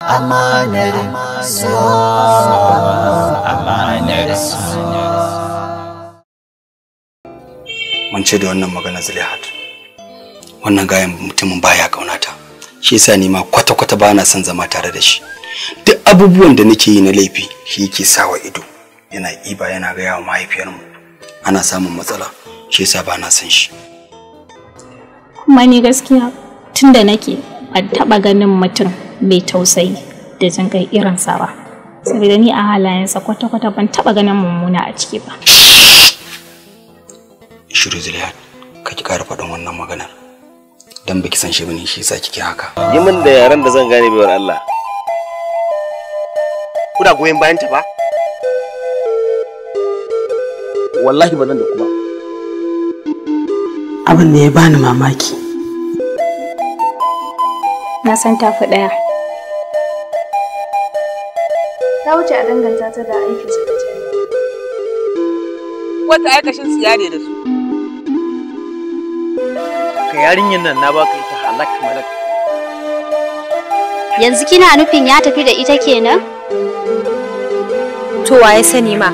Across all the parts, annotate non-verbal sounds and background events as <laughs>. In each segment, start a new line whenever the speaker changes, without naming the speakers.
Amanar
Mun ce da wannan magana Zulihat. Wannan gayan mutumin baya kaunata. Shi yasa ni ma kwata-kwata ba na son zama tare da shi. Duk abubuwan da nake yi na laifi shi yake sawa ido. Yana iba yana gaya wa mahaifiyarmu. Ana samun matsala. Shi yasa ba na son shi.
Kuma ni gaskiya tunda nake ban taɓa ganin mutum mai tausayi da jin kai irin sa ba saboda ni a halayensa kwata-kwata ban taba ganin mummuna a ciki ba
shiru ziliyar ka ki kara faɗin wannan maganar dan baki san shi bane shi yasa kike haka
yi min da yaran da zan gane baiwar Allah kuna goyon bayan ta ba
wallahi ba
nan da kuma abin da ya
bani mamaki na san tafi daya
ta wuce a danganta ta da aikin su ta
Wata aikashin tsiya ne da su.
Ka yarinyar nan na baka ita halak malak.
Yanzu kina nufin ya tafi da ita kenan? To waye sani ma.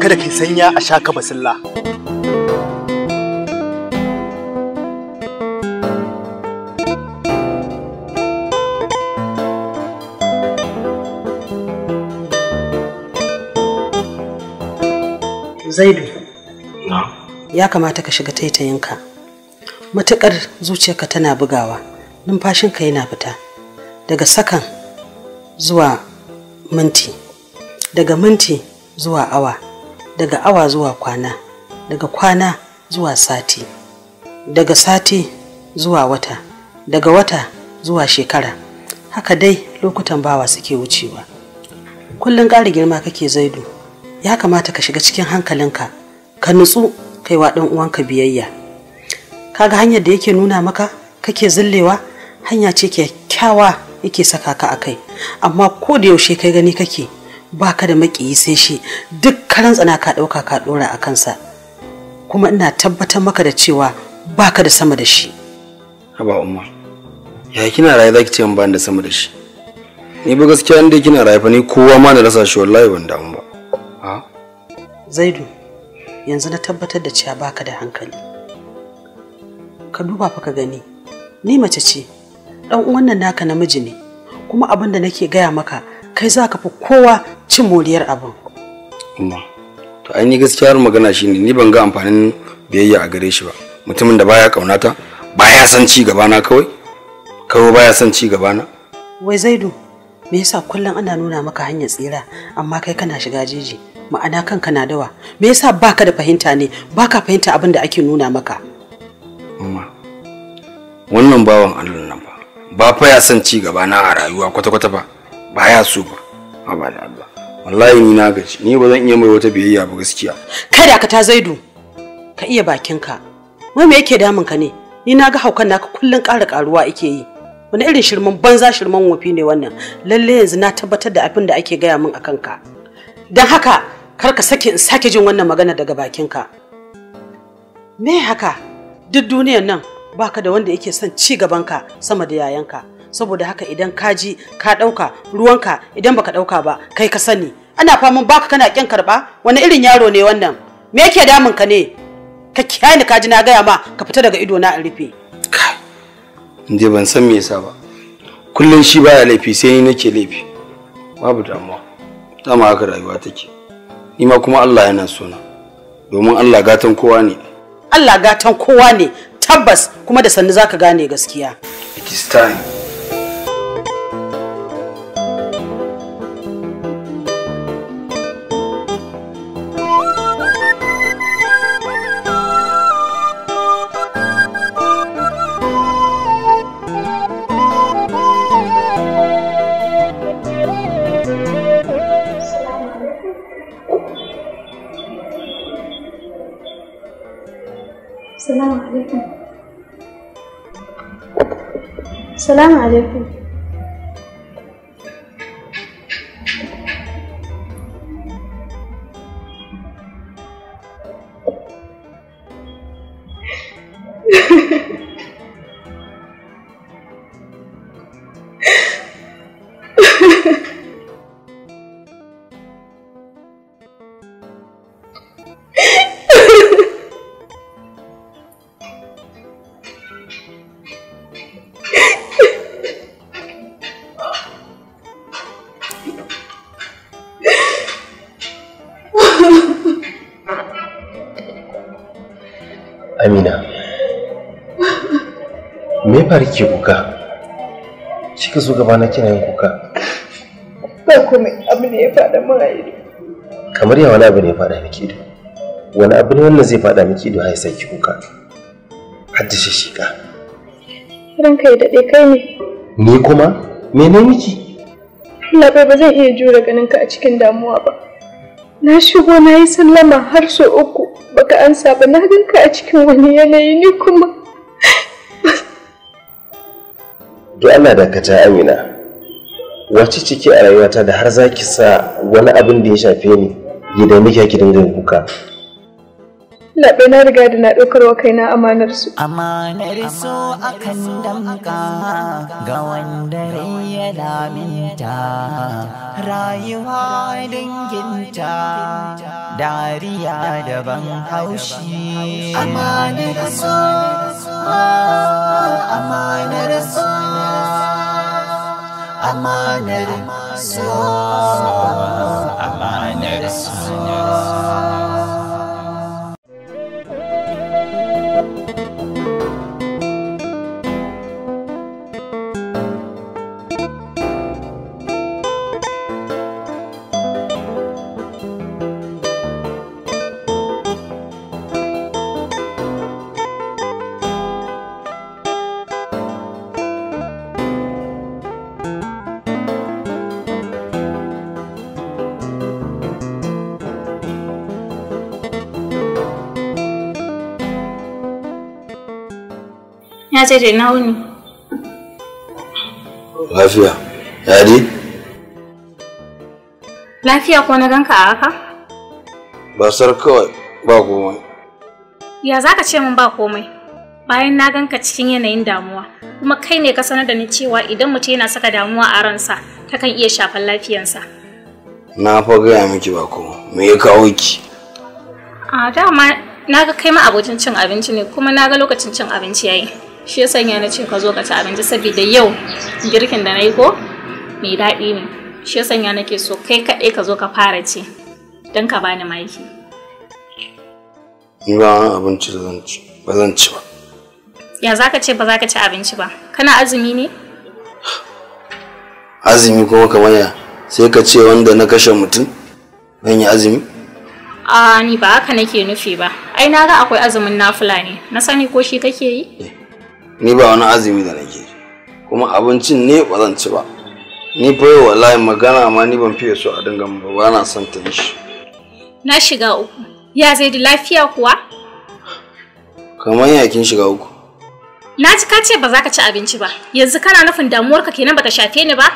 Kada ke sanya a sha ka basilla.
Zaidu. Ya kamata ka shiga taitayinka. Matuƙar zuciyarka tana bugawa, numfashinka yana fita. Daga sakan zuwa minti, daga minti zuwa awa, daga awa zuwa kwana, daga kwana zuwa sati, daga sati zuwa wata, daga wata zuwa shekara. Haka dai lokutan bawa suke wucewa. Kullum ƙara girma kake zaidu. ya kamata ka shiga cikin hankalinka ka nutsu kaiwa ɗan uwanka biyayya kaga hanyar da yake nuna maka kake zillewa hanya ce kyakkyawa yake saka ka a kai amma ko da yaushe kai gani kake ba ka da maƙiyi sai shi duk karan tsana ka ɗauka ka ɗora a kansa kuma ina tabbatar maka da cewa ba ka da sama da shi
haba umma ya kina raye za ki ce ban da sama da shi ni ba gaskiya inda kina raye fa ni kowa ma na rasa shi wallahi ban damu ba
Zaidu, yanzu na tabbatar da cewa baka da hankali. Ka duba fa ka gani, ni mace ce, ɗan uwan naka namiji ne, kuma abin da nake gaya maka kai za ka fi kowa cin moriyar abin.
Amma, to an yi gaskiyar magana shine ni ban ga amfanin biyayya a gare shi ba. Mutumin da baya ƙaunata, baya son ci gabana kawai, kawai baya son ci gabana.
Wai Zaidu, me yasa kullum ana nuna maka hanyar tsira amma kai kana shiga jeji? ma'ana kanka na dawa me yasa baka da fahimta ne baka fahimta abin da ake nuna maka
amma wannan bawan Allah nan ba ba fa ya san ci gaba na a rayuwa kwata kwata ba ba ya so ba amma da Allah wallahi ni na gaji ni ba zan iya mai wata biyayya ba gaskiya
kada ka ta zaidu ka iya bakinka wai me yake damun ka ne ni na ga haukan naka kullun ƙara ƙaruwa ake yi wani irin shirman banza shirman wofi ne wannan lalle yanzu na tabbatar da abin da ake gaya min akan ka don haka kar ka sake in sake jin wannan magana daga bakinka me haka duk duniyar nan baka da wanda yake son ci gaban ka sama da 'ya'yan ka, saboda haka idan ka ji ka ɗauka ka idan baka ɗauka ba kai ka sani ana faman baka kana ƙin karɓa wani irin yaro ne wannan me yake damun ka ne ka kiyaye ka ji na gaya ma ka fita daga ido na in rufe
je ban san me yasa ba kullum shi baya laifi sai ni nake laifi babu damuwa dama haka rayuwa take Ima kuma Allah yana suna, domin Allah gatan kowa ne
Allah gatan kowa ne tabbas kuma da sannu zaka gane gaskiya
it is time
Salamu alaikum.
faru ke kuka kika so gaba na kina yin kuka
ba kuma abu ne ya faɗa min a ido
kamar yawa wani abu ne ya faɗa miki ido wani abu ne wanda zai faɗa miki ido har sai ki kuka haddace shi ka
ranka ya daɗe kai ne
ni kuma me ne miki
Allah bai ba zan iya jure ganin ka a cikin damuwa ba na shigo na yi sallama har sau uku baka ansa ba na ganka a cikin wani yanayi ni kuma
to Allah dakata amina wace ciki a rayuwata da har za ki sa wani abin da ya shafe ni ya da miki ki dangin kuka
na na riga da na ɗaukar wa kaina amanar su amanar
su akan damka ga wanda ya laminta rayuwa danginta dariya daban haushi
amanar su amanar su
amanar so my so
na je da ina wuni.
Lafiya, ya
Lafiya ko na ganka a haka?
Basar kawai ba komai.
Ya za ka ce min ba komai? Bayan na ganka cikin yanayin damuwa, kuma kai ne ka sanar da ni cewa idan mutum yana saka damuwa a ransa, ta kan iya shafar lafiyansa.
Na fa gaya miki ba komai, me ya kawo ki?
A dama na ga kai ma abocin cin abinci ne kuma na ga lokacin cin abinci yayi. shi ya sanya na ce ka zo ka ci abinci saboda yau girkin da na yi ko mai daɗi ne shi ya sanya nake so kai kaɗai ka zo ka fara ci don ka bani maki
ni ba abinci da zan ci ba zan ci ba
ya za ka ce ba za ka ci abinci ba kana azumi ne
azumi kuma kamar ya sai ka ce wanda na kashe mutum zan yi azumi
a ni ba haka nake nufi ba ai na ga akwai azumin nafula ne na sani ko shi kake yi eh.
ni ba wani azumi da nake kuma abincin ne ba zan ci ba ni fa yau wallahi magana ma ni ban fiye so a dinga ba ba na son ta shi
na shiga uku ya zai da lafiya kuwa
kamar ya kin shiga uku
na ji ka ce ba za ka ci abinci ba yanzu kana nufin damuwarka kenan ba ta shafe ni ba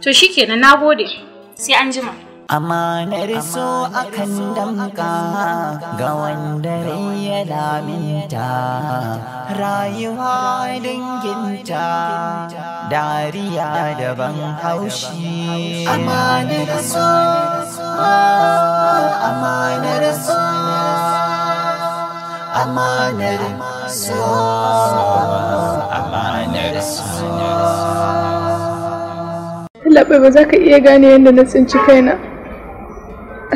to shikenan nagode sai an jima
Amanar so akan damka ga wanda ya laminta rayuwa danginta dariya daban haushi. Amanar so,
amanar so,
amanar so, amanar so.
Allah ba za ka iya gane yadda na tsinci kaina.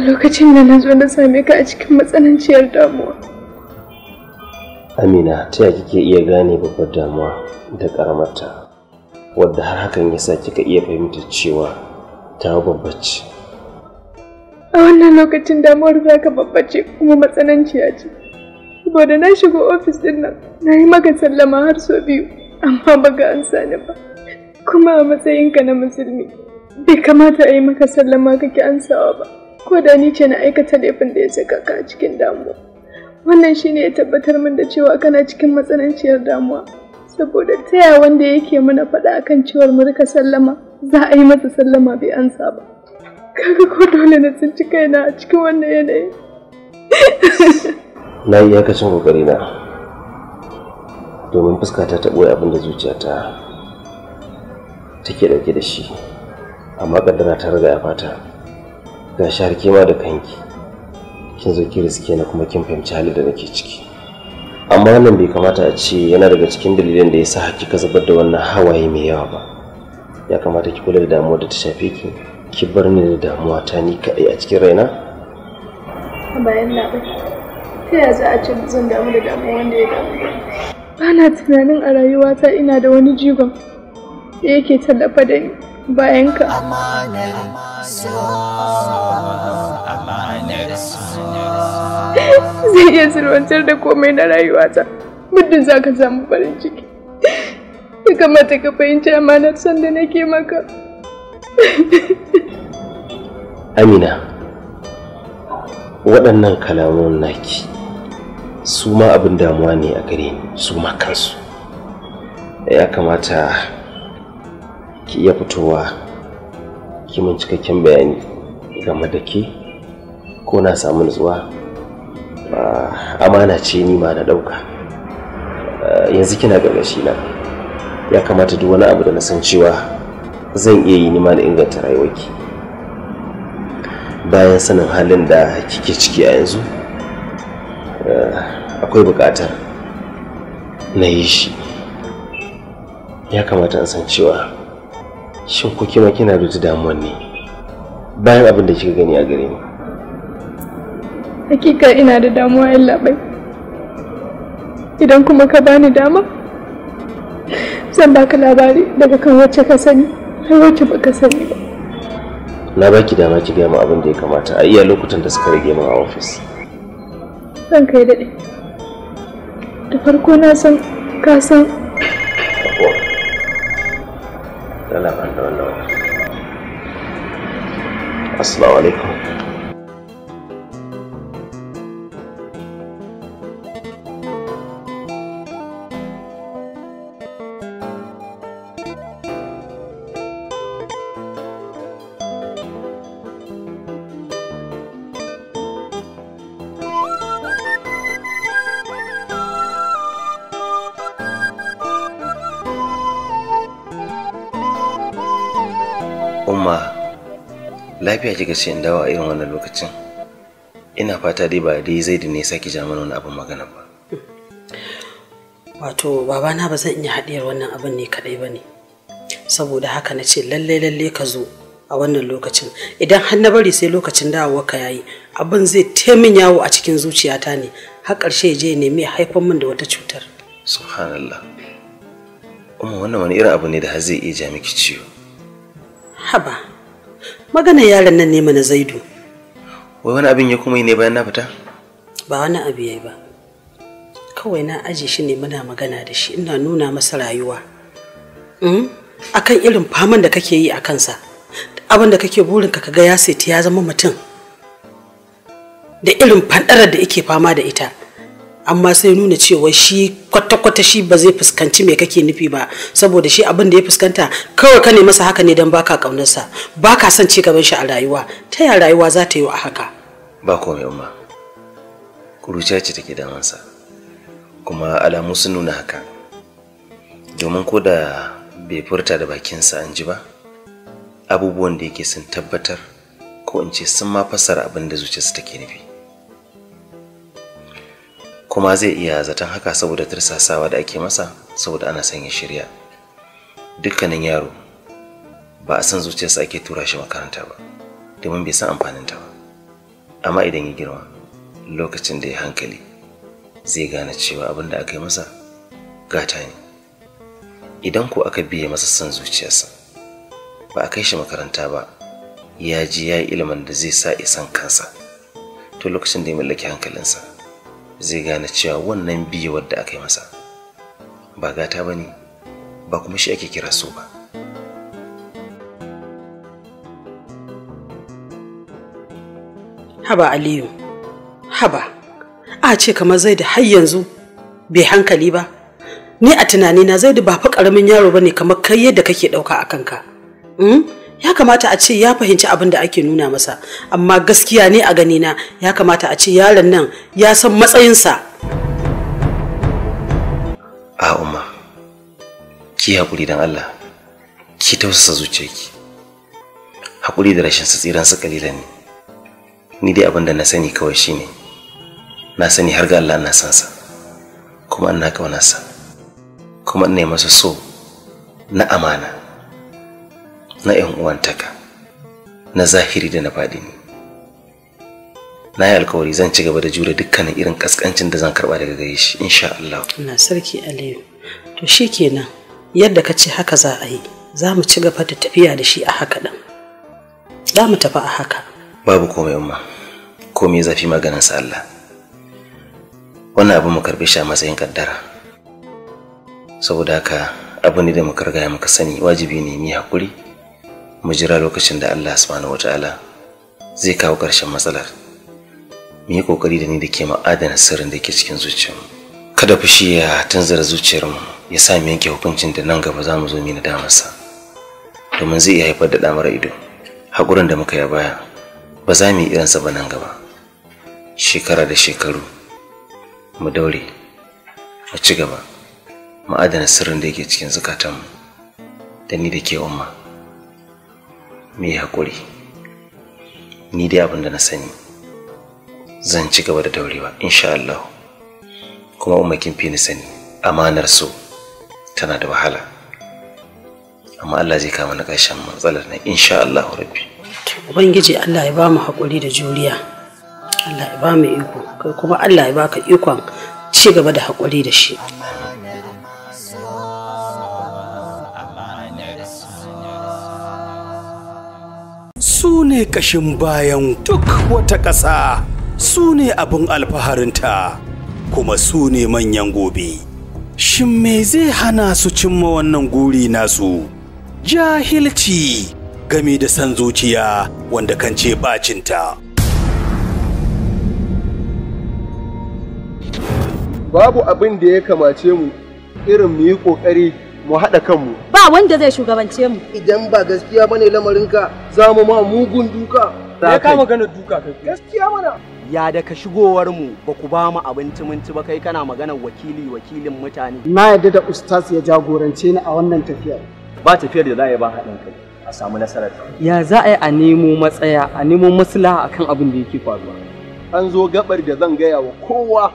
lokacin da na zo na same ka a cikin matsananciyar damuwa.
Amina, ta yaya kike iya gane babbar damuwa da karamarta, wadda har hakan ya sa kika iya fahimtar cewa ta babbace.
A wannan lokacin damuwar za ka babbace kuma matsananciya ce. Saboda na shiga ofis ɗin nan, na yi maka sallama har sau biyu, amma ba ga an sani ba. Kuma a matsayinka na musulmi, bai kamata a yi maka sallama kake ansawa ba. ko da ni ce na aikata laifin da ya saka ka a cikin damuwa wannan shine ya tabbatar min da cewa kana cikin matsananciyar damuwa saboda taya wanda yake mana faɗa akan cewar mu rika sallama za a yi masa sallama bai ansa ba kaga ko dole na tsinci kaina a cikin wannan yanayi <laughs>
na yi iyakacin kokari na domin fuskata ta ɓoye abin da zuciyata take ɗauke da shi amma ƙaddara ta riga ya fata ga ke ma da kanki kin zo ki riske na kuma kin fahimci hali da nake ciki amma wannan bai kamata a ce yana daga cikin dalilin da ya sa hakika zubar da wannan hawaye mai yawa ba ya kamata ki kula da damuwar da ta shafe ki ki bar ni da damuwa ta ni kaɗai a cikin raina
bayan na ta ya za a ce zan damu da damuwa wanda ya damu ba na tunanin a rayuwata ina da wani jigon da yake tallafa da ni bayan zai iya sirwantar da komai na rayuwata muddin za ka samu farin ciki ya kamata ka fahimci amanar sanda da nake maka
amina waɗannan kalamun naki su ma abin damuwa ne a gare ni su ma kansu ya kamata ki iya fitowa ki mun cikakken bayani game da ke ko na samu nutsuwa amana ce ni ma na ɗauka yanzu kina ƙarƙashi na ya kamata duk wani abu da na san cewa zan iya yi nima da inganta rayuwarki bayan sanin halin da kike ciki a yanzu akwai bukatar na yi shi ya kamata in san cewa shin ko kima kina da damuwan ne bayan abin da kika gani a gare ni
hakika ina da damuwa yan labai idan kuma ka bani dama zan baka labari daga kan wacce ka sani har wacce baka sani ba
na baki dama ki gaya mu abin da ya kamata a iya lokutan da suka rage min a ofis
zan kai daɗe da farko na san ka san
lalaba da wannan assalamu alaikum lafiya kika ce in dawo a irin wannan lokacin ina fata dai ba dai zai da ne sake ja mana wani abin magana ba
wato babana ba zan iya haɗiyar wannan abin ne kaɗai ba ne saboda haka na ce lallai lallai ka zo a wannan lokacin idan har na bari sai lokacin dawowa ka yayi abin zai taimin yawo a cikin zuciyata ne har ƙarshe ya je ya nemi haifan min da wata cutar
subhanallah kuma wannan wani irin abu ne da har zai iya ja miki ciwo
haba maganar yaron nan ne mana zaidu
wai wani abin ya kuma yi ne bayan na fita
ba wani abu yayi ba kawai na aje shi ne muna magana da shi ina nuna masa rayuwa hmm? akan irin faman da kake yi a kansa abin da kake burin ka ga ya saiti ya zama mutum da irin fanɗarar da yake fama da ita amma sai nuna cewa shi kwata-kwata shi ba zai fuskanci mai kake nufi ba saboda shi abin da ya fuskanta kawai ka ne masa haka ne don baka kaunarsa baka son ci gaban shi a rayuwa ta yaya rayuwa za ta yi a haka
ba mai umma kuruciya ce take damansa kuma alamu sun nuna haka domin ko da bai furta da bakinsa an ji ba abubuwan da yake sun tabbatar ko in ce sun ma fassara abin da zuciyarsa take nufi kuma zai iya zaton haka saboda tirsasawa da ake masa saboda ana son ya shirya dukkanin yaro ba a san zuciyarsa ake tura shi makaranta ba domin bai san amfaninta ba amma idan ya girma lokacin da ya hankali zai gane cewa abin da aka yi masa gata ne idan ko aka biye masa son zuciyarsa ba a kai shi makaranta ba ya ji ya yi ilimin da zai sa isan kansa to lokacin da ya mallaki hankalinsa zai gane cewa wannan biyu wadda aka yi masa ba gata ba ne ba kuma shi ake kira
so ba haba aliyu haba a ce kamar zai da har yanzu bai hankali ba ni a tunanina zai da ba fa ƙaramin yaro ba ne kamar kai yadda kake ɗauka a kanka hmm? ya kamata a ce ya fahimci abin da ake nuna masa amma gaskiya ne a ganina ya kamata a ce yaron nan ya san matsayinsa
a umma ki hakuri don allah ki tausasa zuciyarki hakuri da rashin su tsiran su kalilan ne ni dai abin da na sani kawai shine na sani har ga allah na san sa kuma ina kaunarsa kuma ina masa so na amana na 'yan uwantaka na zahiri da na ne. na yi alkawari zan ci gaba da jure dukkanin irin kaskancin da zan karba daga gare shi insha Allah
na sarki Aliyu to kenan, yadda ka ce haka za a yi za mu ci gaba da tafiya da shi a haka ɗan, za mu tafi a haka
babu komai umma komai zafi maganin sa Allah wannan abu mu karɓi shi a matsayin kaddara saboda haka abu ne da muka riga muka sani wajibi ne mu hakuri mu jira lokacin da Allah subhanahu wataala zai kawo ƙarshen matsalar mu yi ƙoƙari da ni da ke ma'adana sirrin da ke cikin zuciyarmu kada fushi ya tanzara zuciyarmu ya sa mu yanke hukuncin da nan gaba za mu zo mu damarsa, domin zai iya haifar da damar ido haƙurin da muka yi baya ba za mu yi irinsa ba nan gaba shekara da shekaru mu daure mu ci gaba ma'adana sirrin da yake cikin zukatanmu da ni da ke umma mai hakuri ni dai abin da na sani zan ci gaba da daurewa insha Allah kuma umma kin fi ni sani amanar su tana da wahala amma Allah zai kama na ƙarshen matsalar na insha Allah rabbi
ubangiji Allah ya ba mu haƙuri da juriya Allah ya ba mu iko kuma Allah ya baka ikon ci gaba da hakuri da shi
su ne ƙashin bayan duk wata ƙasa su ne abin alfaharinta kuma su ne manyan gobe shin me zai hana su cimma wannan guri nasu jahilci gami da san zuciya wanda kan ce bacinta
babu abin da ya kamace mu irin mu yi ƙoƙari mu haɗa kanmu
ba wanda zai shugabance mu idan ba gaskiya bane lamarinka za mu ma mugun duka ya ka
magana duka kai gaskiya mana ya da ka shigowar mu ba ku ba mu abinci minti ba kai kana maganar wakili wakilin mutane
na yadda da ustaz ya jagorance ni a wannan tafiyar
ba tafiyar da za a yi ba haɗin kai a samu nasarar
ya za a yi a nemo matsaya a nemo maslaha akan abin da yake faruwa
an zo gabar da zan gaya wa kowa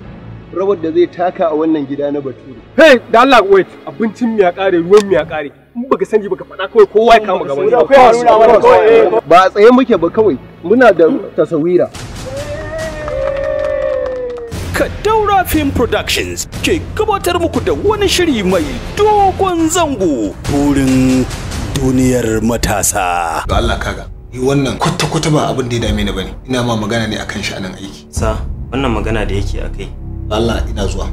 rawar da
zai taka a wannan gida na Bature. Hey, da Allah wait, abincin mu ya kare, ruwan mu ya kare. In
baka sani baka faɗa kawai kowa
ya kama gaban shi.
Ba a tsaye muke ba kawai, muna da tasawira. Kadaura Film
Productions ke gabatar muku da wani shiri mai dogon zango burin duniyar matasa. Allah kaga, yi wannan kwata-kwata ba abin da ya dame ni bane. Ina ma magana ne akan nan aiki. Sa, wannan magana da yake a kai Allah ina zuwa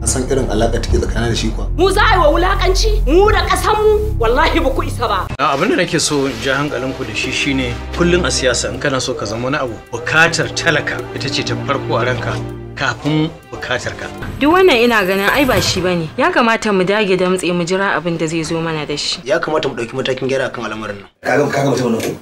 an san irin alaƙa take tsakanin da shi kuwa
mu za a yi wa wulakanci mu da ƙasan mu wallahi ba ku isa ba
ah, abin da nake so in ja hankalin ku da shi shine kullun a siyasa in kana so ka zama wani abu bukatar talaka ita ce ta farko a ranka kafin bukatar ka
duk wannan ina ganin ai ba shi bane ya kamata mu dage da mutse mu jira abin da zai zo mana da shi ya kamata mu ɗauki matakin gyara kan al'amarin nan
kaga kaga mutum ne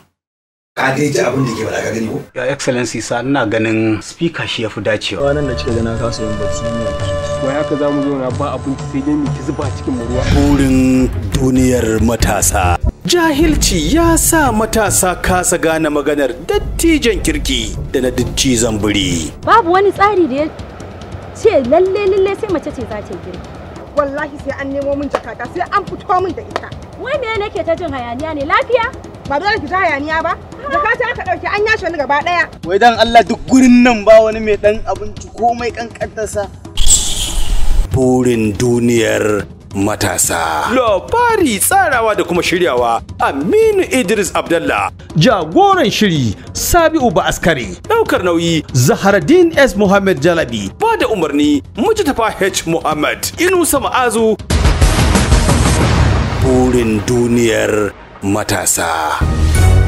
ka dai ji abin da ke faɗa ka gani ko ya excellency sa ina ganin speaker shi yafi dacewa ranan da kika ga na kasa yin bacci ne wai haka zamu zo na ba abinci sai dai mu zuba cikin ruwa burin duniyar matasa jahilci ya sa matasa kasa gane maganar dattijan kirki da na dattijan biri
babu wani tsari da ya ce lalle lalle sai mace ce za ta girki wallahi sai an nemo min jakata sai an fito min da ita wai me nake ta jin hayaniya ne lafiya ba dole ki ta hayaniya ba zakata ka dauke an yashe wani gaba daya
wai dan Allah duk gurin nan ba wani mai dan
abinci komai kankantarsa
burin duniyar matasa. Labari tsarawa da kuma shiryawa Aminu Idris Abdallah jagoran shiri Sabi'u ba ɗaukar daukar nauyi Zaharaddin S Muhammad Jalabi ba da umarni Mujtafa H Muhammad Inusa Ma'azu burin duniyar matasa.